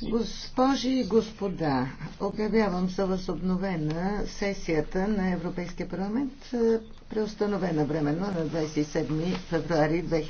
Госпожи и господа, обявявам за възобновена сесията на Европейския парламент, е, преустановена временно на 27 февруари 2000.